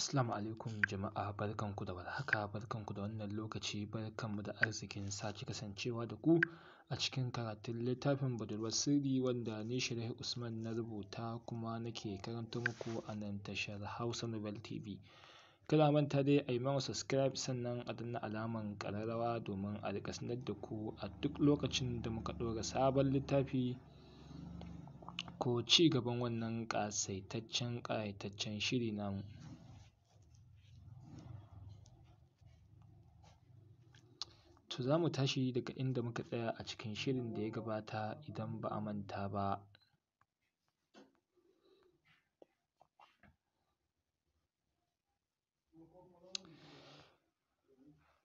Assalamu alaikum jama'a barkanku da warhaka barkanku da wannan lokaci barkanmu da arzikin sake kasancewa da ku a cikin karatun littafin budurwar sirri wanda ni Shirahi Usman na rubuta kuma nake karanta muku a nan tashar Hausa Nobel TV. Kada manta dai a yi mana subscribe sannan a danna alaman ƙararrawa domin a riƙa sanar da ku a duk lokacin da muka ɗora sabon littafi ko ci gaban wannan ƙasaitaccen ƙayataccen shiri namu. To za mu tashi daga inda muka tsaya a cikin shirin da ya gabata idan ba a manta ba.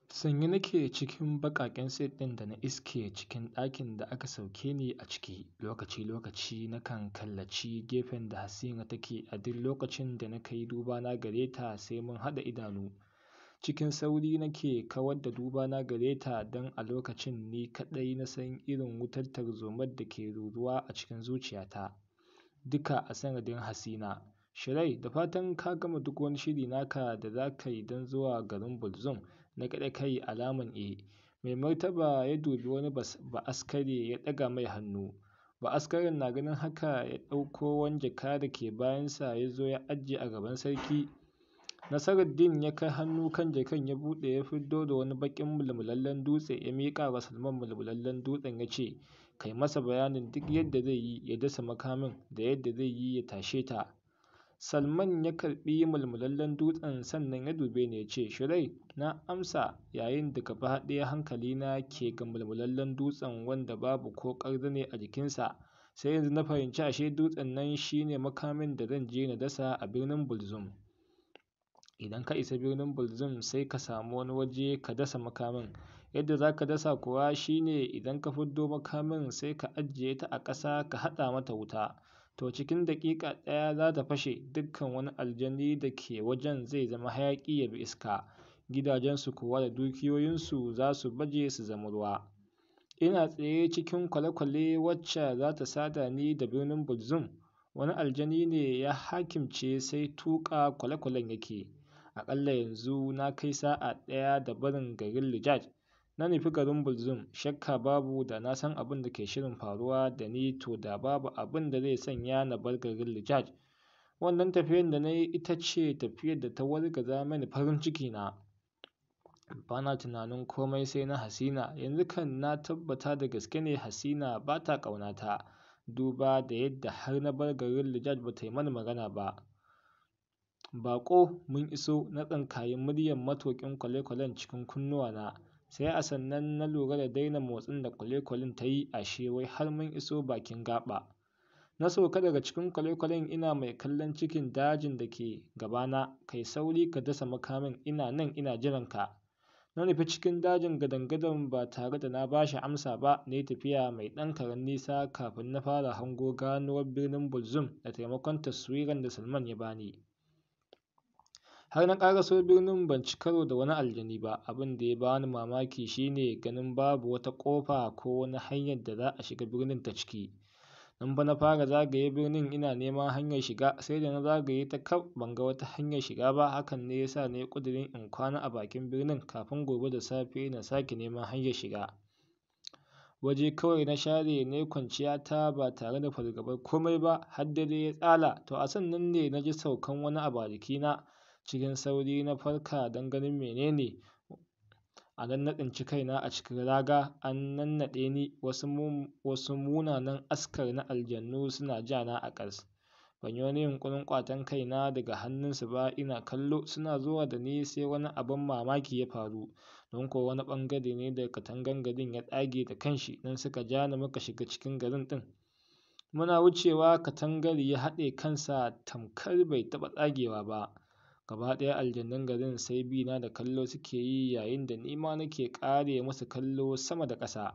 Sanye nake cikin baƙaƙen set ɗin da na iske cikin ɗakin da aka sauke ni a ciki. Lokaci-lokaci nakan kallaci gefen da Hasina take a duk lokacin da na kai duba na gare ta sai mun haɗa idanu. Cikin sauri nake kawar da dubana gare ta don a lokacin ni kaɗai na san irin wutar tarzomar da ke ruruwa a cikin zuciyata, duka a sanadin Hasina. Shirai, da fatan ka gama duk wani shiri naka da za ka yi don zuwa garin bulzum Na kaɗa kai alaman E. Mai martaba ya dubi wani ba askari ya ɗaga mai hannu. Ba askarin na ganin haka ya ɗauko wani jaka da ke bayansa ya zo ya ajiye a gaban sarki. Nasaraddeen ya kai hannu kan jakan ya buɗe ya fiddo da wani baƙin mulmulallen dutse ya miƙa wa Salman mulmulallen dutsen ya ce, “Kai masa bayanin duk yadda zai yi ya dasa makamin da yadda zai yi ya tashe ta.” Salman ya karɓi mulmulallen dutsen sannan ya dube ni ya ce, “Shirai.” Na amsa yayin da gaba ɗaya hankalina ke ga mulmulallen dutsen wanda babu ko ƙarni a jikinsa, sai yanzu na fahimci ashe dutsen nan shi ne makamin da zan je na dasa a birnin bulzum. Idan ka isa birnin bulzum sai ka samu wani waje ka dasa makamin. Yadda za ka dasa kuwa shine idan ka fiddo makamin sai ka ajiye ta a ƙasa ka haɗa mata wuta, to cikin daƙiƙa ɗaya za ta fashe dukkan wani aljani da ke wajen zai zama hayaƙi ya bi iska, gidajensu kuwa da dukiyoyinsu za su baje su zama ruwa. Ina tsaye cikin kwale-kwale wacce za ta sada ni da birnin bulzum. Wani aljani ne ya hakimce sai tuƙa kwale-kwalen yake. aƙalla yanzu na kai sa'a ɗaya da barin garin Rijaj. Na nufi garin bulzum shakka babu da na san abin da ke shirin faruwa da ni to da babu abin da zai sanya na bar garin Rijaj. Wannan tafiyar da na yi ita ce tafiyar da ta wargaza mani farin na Ba na tunanin komai sai na Hasina, yanzu kan na tabbata da gaske ne Hasina ba ta ƙaunata, duba da yadda har na bar garin Rijaj ba ta yi mani magana ba. Baƙo mun iso na tsinkayi muryar matuƙin kwale-kwalen cikin kunnuwana, sai a sannan na lura da daina motsin da kwale-kwalen ta yi ashe wai har mun iso bakin gaɓa. Na sauka daga cikin kwale-kwalen ina mai kallon cikin dajin da ke gabana, kai sauri ka dasa makamin ina nan ina jiran ka Na nufi cikin dajin gadan-gadan ba tare da na ba shi amsa ba na yi tafiya mai ɗan karen nisa kafin na fara hango ganuwar birnin bulzum da taimakon taswiran da Salman ya bani. Har na so birnin ban ci karo da wani aljani ba, abin da ya bani mamaki shine ganin babu wata ƙofa ko wani hanyar da za a shiga birnin ta ciki. Nan ba na fara zagaye birnin ina neman hanyar shiga sai da na zagaye ta kaf ban ga wata hanyar shiga ba hakan ne yasa sa na yi ƙudurin in kwana a bakin birnin kafin gobe da safe na sake neman hanyar shiga. Waje kawai na share ne kwanciya ta ba tare da fargabar komai ba har dare ya tsala to a sannan ne na ji saukan wani abu a jikina Cikin sauri na farka don ganin menene. A nan na tsinci kaina a cikin raga an nannaɗe ni wasu wasu munanan askar na aljannu suna ja na a ƙas. Ban yi wani yunƙurin ƙwatan kaina daga hannunsu ba ina kallo suna zuwa da ni sai wani abin mamaki ya faru. Don kuwa wani ɓangare ne da katangan garin ya tsage da kanshi don suka ja ni muka shiga cikin garin ɗin. Muna wucewa katangar ya haɗe kansa tamkar bai taɓa tsagewa ba. Gaba ɗaya aljannun garin sai bina da kallo suke yi yayin da nima nake ƙare musu kallo sama da ƙasa.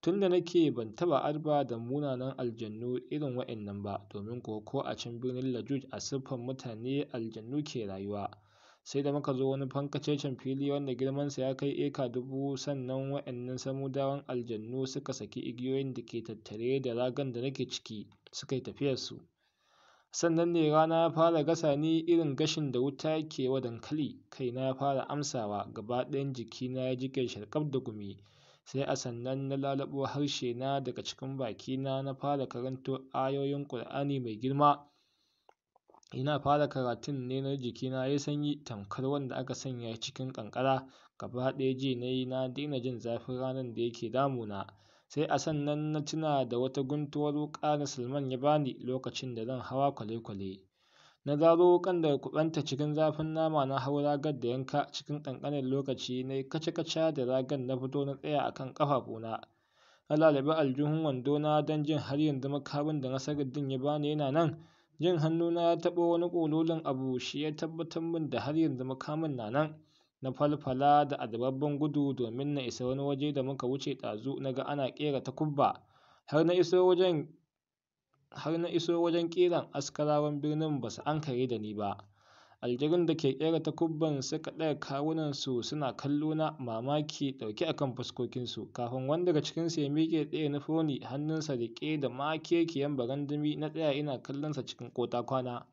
Tun da nake ban taɓa arba da munanan aljannu irin wa'annan ba domin kuwa ko a can birnin Lajuj a siffan mutane aljannu ke rayuwa. Sai da muka zo wani fankacecen fili wanda girmansa ya kai eka dubu sannan wa'annan samudawan aljannu suka saki igiyoyin da ke tattare da ragan da nake ciki suka yi tafiyarsu. sannan ne rana ya fara gasa ni irin gashin da wuta ke wa dankali kaina ya fara amsawa gaba ɗayan jikina ya jiƙe sharkaf da gumi sai a sannan na lalabo harshe na daga cikin bakina na fara karanto ayoyin Ƙur'ani mai girma ina fara karatun ne na jikina ya sanyi tamkar wanda aka sanya cikin ƙanƙara gaba ɗaya ji na yi na daina jin zafin ranar da yake damuna Sai a sannan na tuna da wata guntuwar wuƙa da Salman ya bani lokacin da zan hawa kwale-kwale. Na zaro wuƙan daga kuɓanta cikin zafin nama na hau ragar da yanka cikin ƙanƙanin lokaci na yi kaca-kaca da ragar na fito na tsaya a kan ƙafafuna. Na lalubi aljihun na don jin har yanzu makamin da na din ya bani yana nan. Jin hannuna ya taɓo wani ƙololin abu shi ya tabbatar min da har yanzu makamin na nan. na falfala da adababben gudu domin na isa wani waje da muka wuce ɗazu na ga ana ƙera takubba har na iso wajen har na iso wajen ƙeran askarawan birnin ba su kare da ni ba aljirun da ke ƙera takubban suka kawunan kawunansu suna kallo na mamaki ɗauke a kan fuskokinsu kafin wanda daga cikinsu ya miƙe tsaye na foni hannunsa riƙe da makekiyan barandami na tsaya ina kallonsa cikin ƙota kwana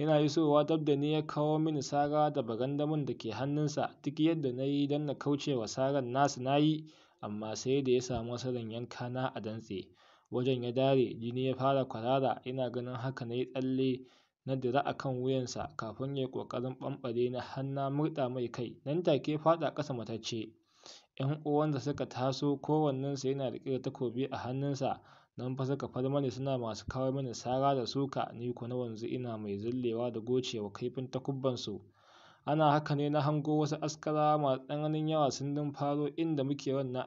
Yana so dab da ni ya kawo mini sara da barandamin da ke hannunsa. Duk yadda na yi don na kauce wa saran nasu na yi, amma sai da ya samu nasarar yanka na a dantse. Wajen ya dare, jini ya fara kwarara. Ina ganin haka na yi tsalle na dira a kan wuyansa kafin ya yi ƙoƙarin ɓamɓare na hanna murɗa mai kai. Nan take faɗa ƙasa matacce. ‘Yan uwansa suka taso kowannensu yana riƙe da takobi a hannunsa. nan fa suka mani suna masu kawo mani sara da suka ni kuna na wanzu ina mai zillewa da gocewa kaifin takubbansu ana haka ne na hango wasu askara masu tsananin yawa sun dun faro inda muke wannan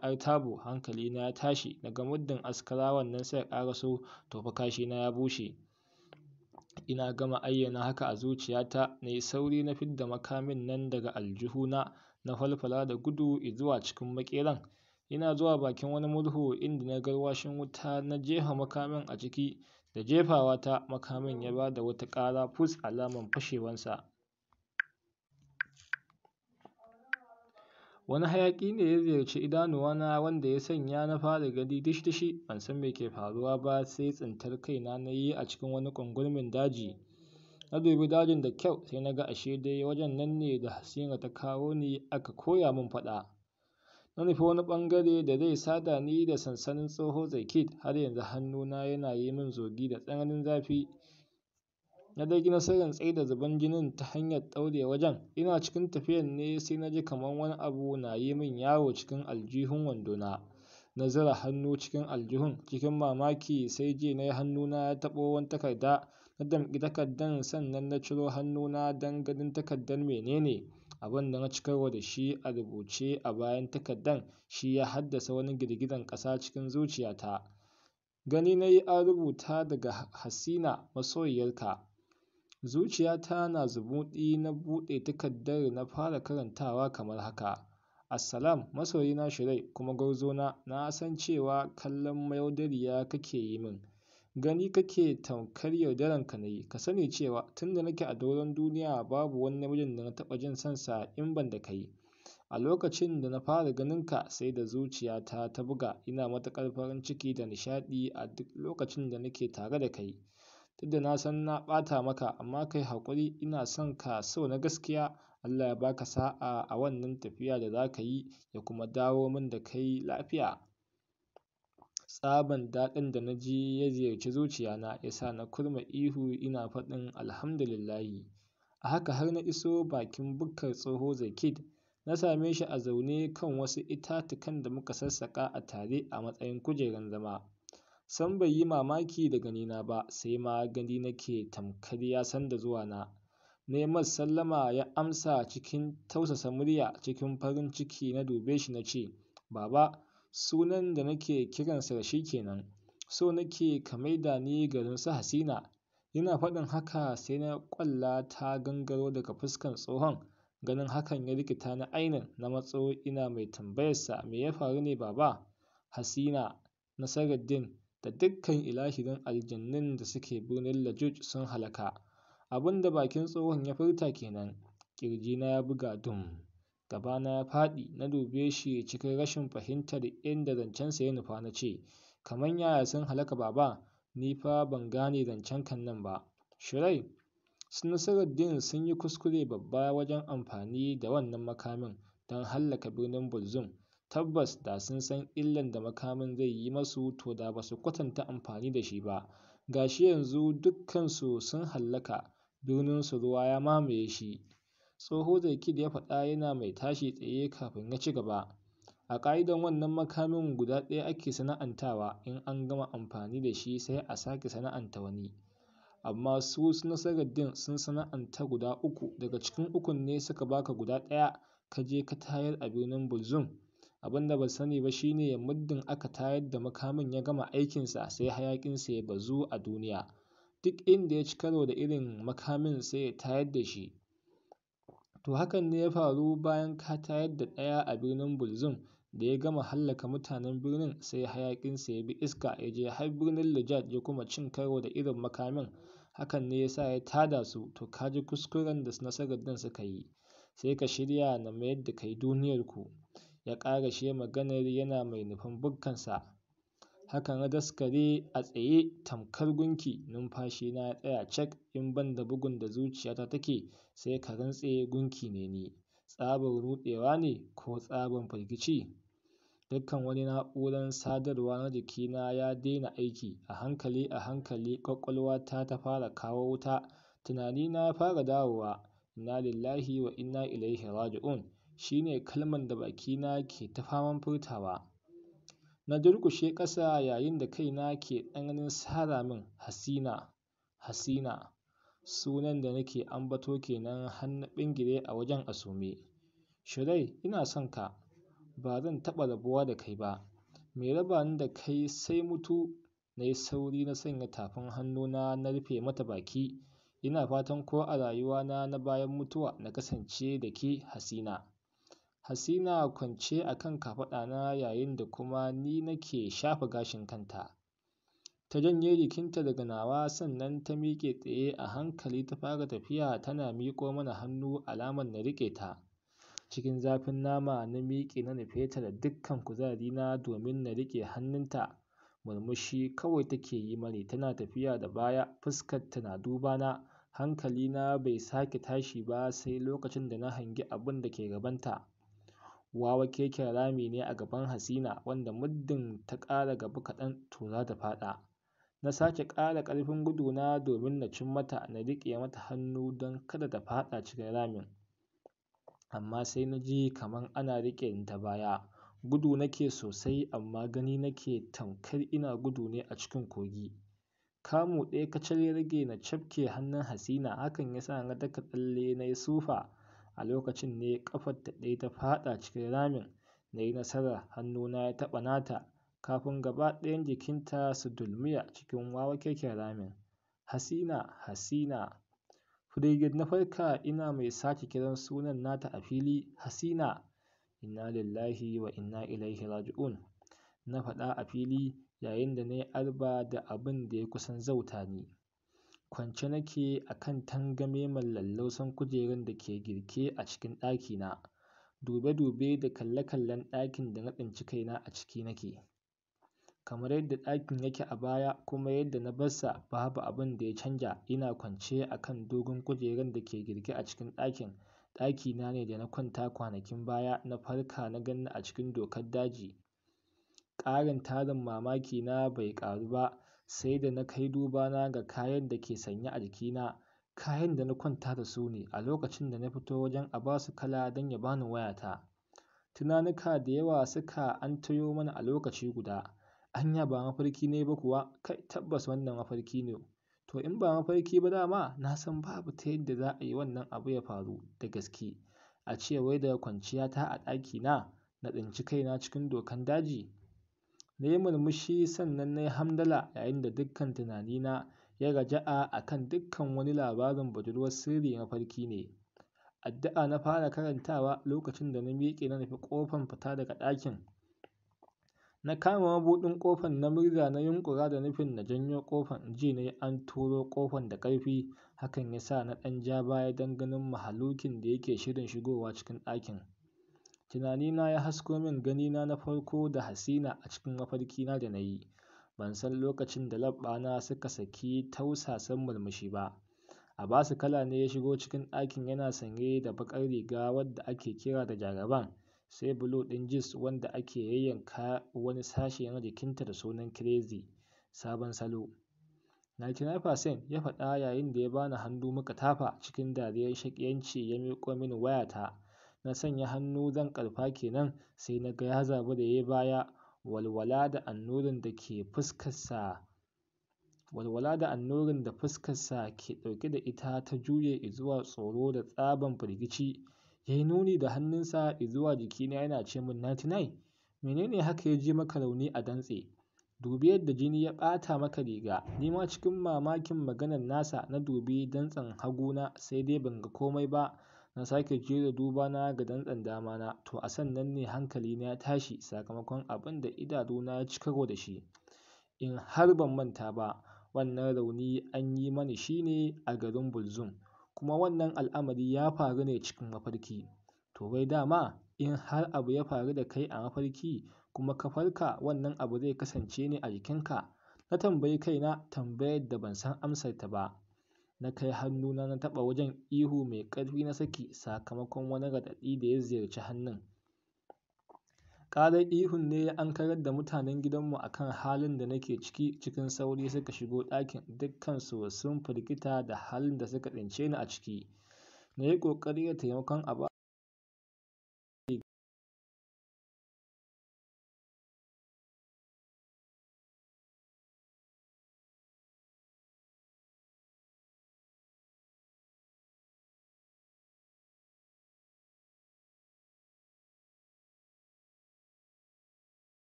hankali na ya tashi daga muddin wannan wannan suka karaso to fa kashi na ya bushe ina gama ayyana haka a zuciyata na yi sauri na fidda makamin nan daga aljihuna na falfala da gudu izuwa cikin makeran. Ina zuwa bakin wani murhu inda na garwashin wuta na jefa makamin a ciki da jefawa ta makamin ya ba da wata kara fus alaman fashewansa. Wani hayaƙi ne ya ziyarci idanuwana wanda ya sanya na fara gani dishi dishi ban san me ke faruwa ba sai tsintar kaina na yi a cikin wani ƙungurmin daji. Na dubi dajin da kyau sai na ga ashe dai wajen nan ne da Hasina ta kawo ni aka koya min faɗa. Na nufi wani bangare da zai sada ni da sansanin tsoho Zekid, har yanzu hannuna yana yi min zogi da tsananin zafi. Na dai gina sirrin da zuban jinin ta hanyar ɗaure wajen. Ina cikin tafiyan ne sai na ji kamar wani abu na yi min yawo cikin aljihun wandona. Na zira hannu cikin aljihun cikin mamaki sai ji na yi hannuna ya taɓo wani takarda. Na damƙi takardar sannan na ciro hannuna don ganin takardar menene? Abin da na ci karo da shi a rubuce a bayan takardan shi ya haddasa wani girgizan ƙasa cikin zuciyata. Gani na yi an rubuta daga Hasina masoyiyarka. Zuciyata na zubuɗi na buɗe takardar na fara karantawa kamar haka. Assalam masoyina shirai kuma gwarzona na san cewa kallon mayaudariya kake yi min. Gani kake tamkar yaudaranka na yi, ka sani cewa tun da nake a doron duniya babu wani namijin da na taɓa jin sa in ban da kai. A lokacin da na fara ganin ka sai da zuciyata ta buga, ina matuƙar farin ciki da nishaɗi a duk lokacin da nake tare da kai. Duk da na san na ɓata maka amma kai hakuri haƙuri, ina son ka so na gaskiya. Allah ya baka sa'a a wannan tafiya da za ka yi ya kuma dawo min da kai lafiya. Tsaban daɗin da na ji ya ziyarci zuciyana ya sa na kurma ihu ina faɗin Alhamdulillahi. A haka har na iso bakin bukkar Tsoho Zakid, na same shi a zaune kan wasu itatukan da muka sassaƙa a tare a matsayin kujerar zama. San bai yi mamaki da ganina ba, sai ma gani nake tamkar ya san da zuwa Na yi sallama ya amsa cikin tausasa murya cikin farin ciki na dube shi na ce, Baba, Sunan da nake kiransa da shi kenan, So nake ka maida ni garinsu Hasina. Yana faɗin haka sai na ƙwalla ta gangaro daga fuskan tsohon. Ganin hakan ya rikita na ainun na matso ina mai tambayarsa me ya faru ne baba? Hasina, din, da dukkan ilahirin aljannun da suke birnin Lajuj sun halaka. abinda bakin tsohon ya furta kenan, Ƙirji na ya buga dum. Gabana ya faɗi, na dube shi cikin rashin fahimtar inda zancensa ya nufa na ce, Kaman yaya sun halaka baba? Ni fa ban gane zancen kan nan ba. Shirai, su din sun yi kuskure babba wajen amfani da wannan makamin don hallaka birnin Bulzum. Tabbas da sun san illan da makamin zai yi masu to da ba su kwatanta amfani da shi ba. gashi yanzu dukkansu sun hallaka, su ruwa ya mamaye shi. Tsoho Zaikid ya faɗa yana mai tashi tsaye kafin ya ci gaba. A ƙa'idan wannan makamin guda ɗaya ake sana'antawa, in an gama amfani da shi sai a sake sana'anta wani. Amma su din sun sana'anta guda uku, daga cikin ukun ne suka baka guda ɗaya ka je ka tayar a birnin bulzum? Abin da ban sani ba shine muddin aka tayar da makamin ya gama aikinsa sai hayaƙinsa ya bazu a duniya. Duk inda ya ci karo da irin makamin sai ya tayar da shi. To, hakan ne ya faru bayan ka tayar da ɗaya a birnin Bolzum da ya gama hallaka mutanen birnin sai hayaƙinsa ya bi iska ya je har birnin lijad ya kuma cin karo da irin makamin. Hakan ne yasa ya tada su. To ka ji kuskuren da nasarar din suka yi. Sai ka shirya na mayar da kai duniyarku. Ya ƙara shi maganar yana mai nufan bukkansa. haka na daskare a tsaye tamkar gunki numfashina ya tsaya cak in ban da bugun da zuciyata take sai ka rantse gunki ne ni tsabar ruɗewa ne ko tsabar firgici dukkan wani na'uran sadarwa na jikina ya daina aiki a hankali a hankali kwakwalwa ta ta fara kawo wuta tunanina ya fara dawowa inna lillahi wa inna ilaihi raji'un shine kalman da bakina ke ta faman furtawa Na durƙushe ƙasa yayin da kaina ke tsananin sara min. Hasina, Hasina sunan da nake ambato ke nan har ɓingire a wajen a Shirai ina son ka, ba zan taɓa rabuwa da kai ba. Me raba ni da kai sai mutu. Na yi sauri na sanya tafin hannuna na rufe mata baki. Ina fatan ko a rayuwana na bayan mutuwa na kasance da ke Hasina. Hasina kwance a kan kafaɗa na yayin da kuma ni nake shafa gashin kanta. Ta janye jikinta daga nawa sannan ta miƙe tsaye a hankali ta fara tafiya tana miƙo mana hannu alamar na riƙe ta. Cikin zafin nama na miƙe na nufe ta da dukkan kuzarina domin na riƙe hannunta. Murmushi kawai take yi mani tana tafiya da baya fuskarta na dubana. Hankalina bai sake tashi ba sai lokacin da na hangi abin da ke gabanta. wawa keken rami ne a gaban Hasina wanda muddin ta ƙara gaba kaɗan to za ta faɗa. Na sake ƙara ƙarfin guduna domin na cin mata na riƙe mata hannu don kada ta faɗa cikin ramin. Amma sai na ji kaman ana riƙe ni ta baya. Gudu nake sosai amma gani nake tamkar ina gudu ne a cikin kogi. Kamu ɗaya kacal ya rage na cafke hannun Hasina hakan ya sa na daka tsalle na yi sufa A lokacin ne ƙafar ta ɗaya ta faɗa cikin ramin, na yi nasara hannuna ya taɓa nata kafin gaba ɗayan jikinta su dulmiya cikin keken ramin. Hasina, Hasina. Firgigit na farka ina mai sake kiran sunan nata a fili, Hasina. Inna lillahi wa inna ilaihi raji'un. Na faɗa a fili yayin da na yi arba da abin da ya kusan zauta ni. Kwance nake a kan mai lallausan kujeran da ke girke a cikin ɗakina. Dube-dube da kalle-kallen ɗakin da na tsinci kaina a ciki nake. Kamar yadda ɗakin yake a baya kuma yadda na barsa babu abin da ya canja. Ina kwance a kan dogon kujeran da ke girke a cikin ɗakin. Ɗakina ne da na kwanta kwanakin baya na farka na ganni a cikin dokar daji. Ƙarin tarin mamaki na bai ƙaru ba sai da na kai duba na ga kayan da ke sanye a jikina. Kayan da na kwanta da su ne a lokacin da na fito wajen a su Kala don ya bani wayata. Tunanika da yawa suka an tayo mana a lokaci guda. Anya ba mafarki ne ba kuwa? Kai tabbas wannan mafarki ne. To in ba mafarki ba dama na san babu ta yadda za a yi wannan abu ya faru da gaske. A ce wai daga ta a ɗaki na na tsinci kaina cikin dokan daji. Na yi murmushi sannan na yi hamdala yayin da dukkan tunani na ya raja'a a kan dukkan wani labarin budurwar sirri na farki ne. Addu'a na fara karantawa lokacin da na miƙe na nufi ƙofan fita daga ɗakin. Na kama mabuɗin ƙofan na murza na yunƙura da nufin na janyo ƙofan ji na yi an turo ƙofan da ƙarfi hakan ya sa na ɗan ja baya don ganin mahalukin da yake shirin shigowa cikin ɗakin. Tunanina ya hasko min ganina na farko da Hasina a cikin mafarkina da na yi. Ban san lokacin da labbana suka saki tausasan murmushi ba. a basu Kala ne ya shigo cikin ɗakin yana sanye da baƙar riga wadda ake kira da jaraban, sai bulo ɗin jis wanda ake yayyanka wani sashe na jikinta da sunan Crazy sabon salo. 99% ya faɗa yayin da ya bani hannu muka tafa cikin dariyar shakiyanci ya miƙo mini wayata. na sanya hannu zan karfa kenan sai na ga ya da yayi baya walwala da annurin da ke fuskarsa walwala da annurin da fuskarsa ke ɗauke da ita ta juye izuwa tsoro da tsaban firgici yayi nuni da hannunsa izuwa jikina yana ce min 99 menene haka ya ji maka rauni a dantse dubi yadda jini ya ɓata maka riga Nima cikin mamakin maganar nasa na dubi dantsen haguna sai dai ban ga komai ba na sake duba na ga dantsen na, to a sannan ne hankali na ya tashi sakamakon abin da na ya ci karo da shi in har ban manta ba wannan rauni an yi mani shi ne a garin Bulzum kuma wannan al'amari ya faru ne cikin mafarki to wai dama in har abu ya faru da kai a mafarki kuma ka farka wannan abu zai kasance ne a jikinka na tambayi kaina tambayar da ban san amsar ta ba na kai hannuna na taɓa wajen ihu mai ƙarfi na saki sakamakon wani raɗaɗi da ya ziyarci hannun. Ƙarar ihun ne ya ankarar da mutanen gidanmu a kan halin da nake ciki cikin sauri suka shigo ɗakin dukkansu sun firgita da halin da suka tsince ni a ciki. Na yi ƙoƙari da taimakon Aba.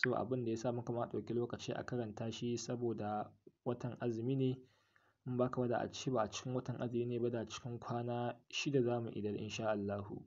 So abin da ya sa muka ma ɗauki lokaci a karanta shi saboda watan azumi ne. In ba wada ba da ba a cikin watan azumi ne ba da cikin kwana shida za mu idar in sha Allahu.